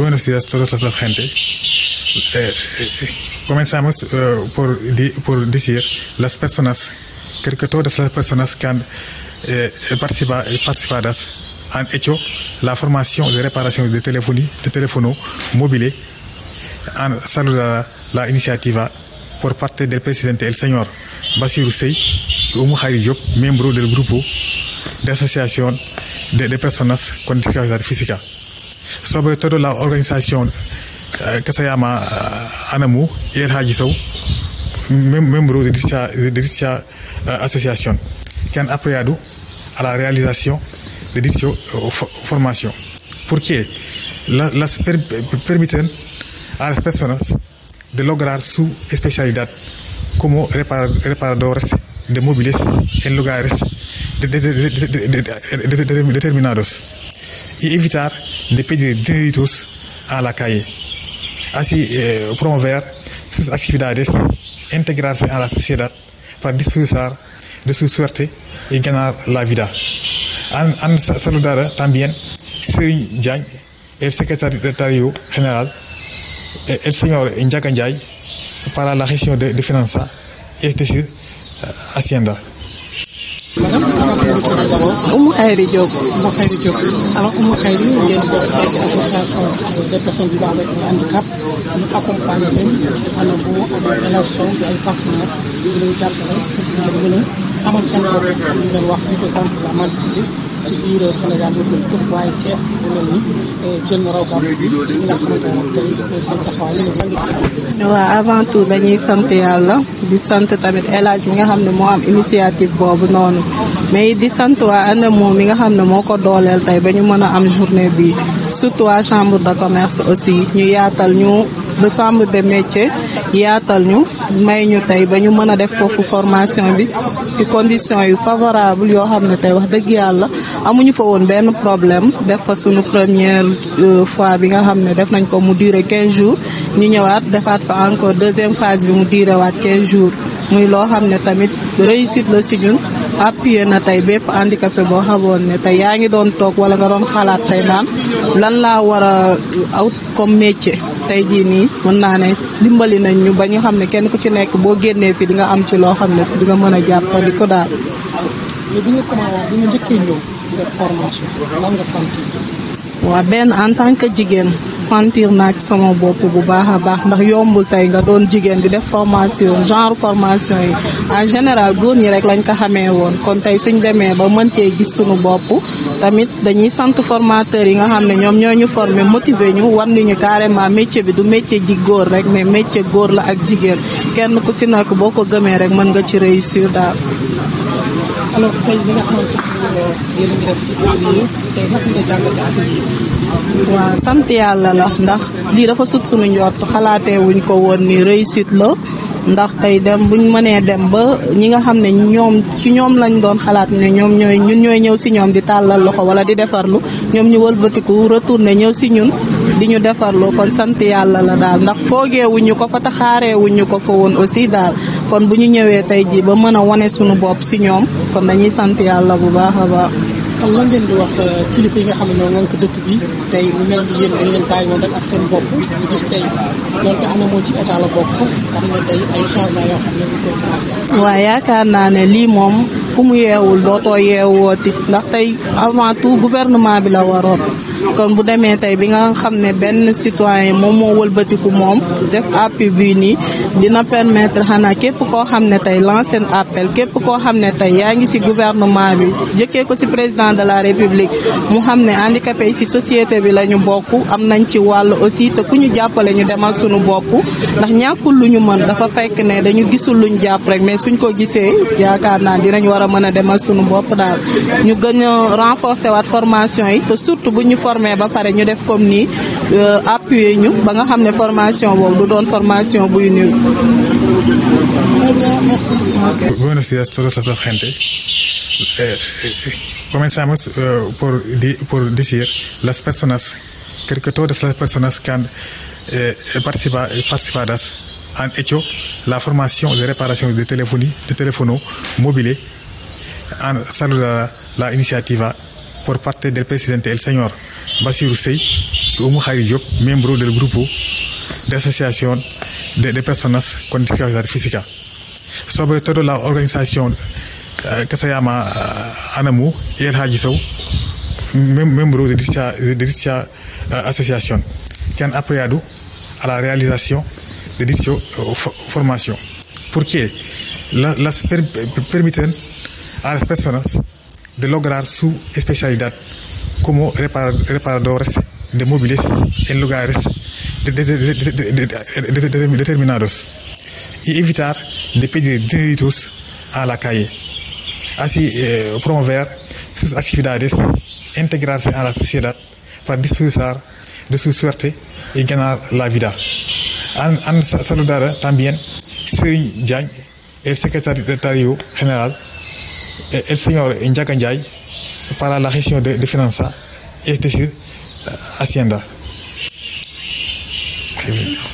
buenos días a todas las gente. Eh, eh, eh, comenzamos eh, por, di, por decir las personas, creo que todas las personas que han eh, participa, eh, participado han la formation de reparación de telefonía, de teléfono móvil. la iniciativa pour parte del presidente, el señor Basirou Sey, Oumou Diop, miembro del grupo de asociación de, personas con discapacidad física. sobre todo la organización que se llama ANAMU y el Haji Sow, miembro de dicha, de dicha asociación, que han a la realización de dicha formación. Porque las, las per, a las personas de lograr su especialidad como reparadores de móviles en lugares determinados. y evitar euh, de pedir delitos a la calle. Así eh, promover sus actividades, integrarse a la sociedad para disfrutar de su suerte y ganar la vida. Han, han saludado también Sri el secretario general, el señor Ndiaga para la gestión de, de finanzas, es decir, euh, Hacienda. Khayri Diop Oumou a Diop alors Oumou Khayri a bokk ci association des personnes vivant avec un handicap ñu accompagné leen ci anam bu amee relation bi ay partenaires di leen jàppale pour ñu gën a amal seen bopp ñu leen wax ñu ko contre ci eh, eh, waaw avant tout dañuy sant yàlla di sant tamit El Hadj nga xam ne moo am initiative boobu noonu mais di sant waa moom mi nga xam ne moo ko dooleel tey ba ñu mën a am journée bi surtout waa chambre de commerce aussi ñu yaatal ñu de chambre de métier yaatal ñu may ñu tey ba ñu mën a def foofu formation bi ci condition yu favorable yoo xam ne tey wax dëgg yàlla amuñu fa woon benn problème def fa suñu première euh, fois bi nga xam ne def nañ ko mu durer quinze jours ñu ñëwaat defaat fa encore deuxième phase bi mu durer waat 15 jours muy loo xam ne tamit réussit la si ñun appuyé na tey bépp handicapé boo xamoon ne tey yaa ngi doon toog wala nga doon xalaat tey naan lan laa war a euh, out comme métier tey jii nii mën naa ne dimbali nañ ñu ba ñu xam ne kenn ku ci nekk boo génnee fi di nga am ci loo xam ne fi di nga mën a jàppandi ko daal. def formation lan nga waa benn en tant que jigéen sentir naa ci sama bopp bu baax a baax ndax yombul tey nga doon jigéen di def formation genre formation yi en général góor ñi rek lañ ko xamee woon kon tey suñ demee ba mën cee gis suñu bopp tamit dañuy sant formateurs yi nga xam ne ñoom ñoo ñu former motiver ñu wan ñu carrément métier bi du métier ji góor rek mais métier góor la ak jigéen kenn ku si nekk boo ko gëmee rek mën nga ci réussir daal. yéen sant yàlla la ndax lii dafa sut suñu njort xalaatee wuñ ko woon nii réussite la ndax tey dem buñ mënee dem ba ñi nga xam ne ñoom ci ñoom lañ doon xalaat ne ñoom ñooy ñun ñooy ñëw si ñoom di tàllal loxo wala di defarlu ñoom ñu walbatiku wëlbatiku retourné ñëw si ñun. di ñu defarlu kon sant yàlla la daal ndax foogeewuñu ko fa taxaareewuñu ko fa woon aussi daal kon bu ñu ñëwee tey jii ba mën a wane suñu bopp si ñoom kon dañuy sant yàlla bu baax a baax. kon lan ngeen di wax euh, yi nga xam ne ñoo ngeen dëkk bi tey lu mel ni yéen dañ leen bàyyi woon rek ak seen bopp ñu yaakaar naa ne lii moom ku mu yeewul dootoo wooti ndax tey avant tout gouvernement bi la waroon. kon bu demee tey bi nga xam ne benn citoyen moom moo wëlbatiku moom def appui bii nii dina permettre xanaa képp koo xam ne tey lancé un appel képp koo xam ne tey yaa ngi ci gouvernement bi jëkkee ko ci président de la république mu xam ne handicapé yi ci société bi la ñu bokk am nañ ci wàll aussi te ku ñu jàppale ñu demal suñu bopp ndax ñàkkul lu ñu mën dafa fekk ne dañu gisul luñ jàpp rek mais suñ ko gisee yaakaar naa dinañ war a mën a demal suñu bopp daal ñu gën waat formation yi formé ba pare ñu def comme nii euh, appuyer ñu ba nga xam ne formation boobu du doon formation buy nul. Buenos días a todos la gente. Eh, eh, eh, comenzamos uh, por, di, por decir las personnas creo que todas las personas que han eh, participa, participadas han hecho la formation de réparation de telefonía, de teléfono móvil, han la initiativa pour parte del presidente el señor Bassirou Sey y Oumou Khairy Diop, miembro del grupo de asociación de, de personas con discapacidad física. Sobre todo la organización eh, que se llama eh, ANAMU y el Haji Sow, de dicha, de dicha eh, a la réalisation de dicha eh, formación. Porque la, las per, a las personas de lograr su especialidad como reparadores de móviles en lugares de, de, determinados y evitar de pedir delitos a la calle. Así, euh, promover sus actividades, integrarse a la sociedad para disfrutar de su suerte y ganar la vida. Han, han saludado también Sri Yang, secretario general el eh, eh, señor Ndiaga Ndiaye la gestión de, de finanzas, es decir, eh,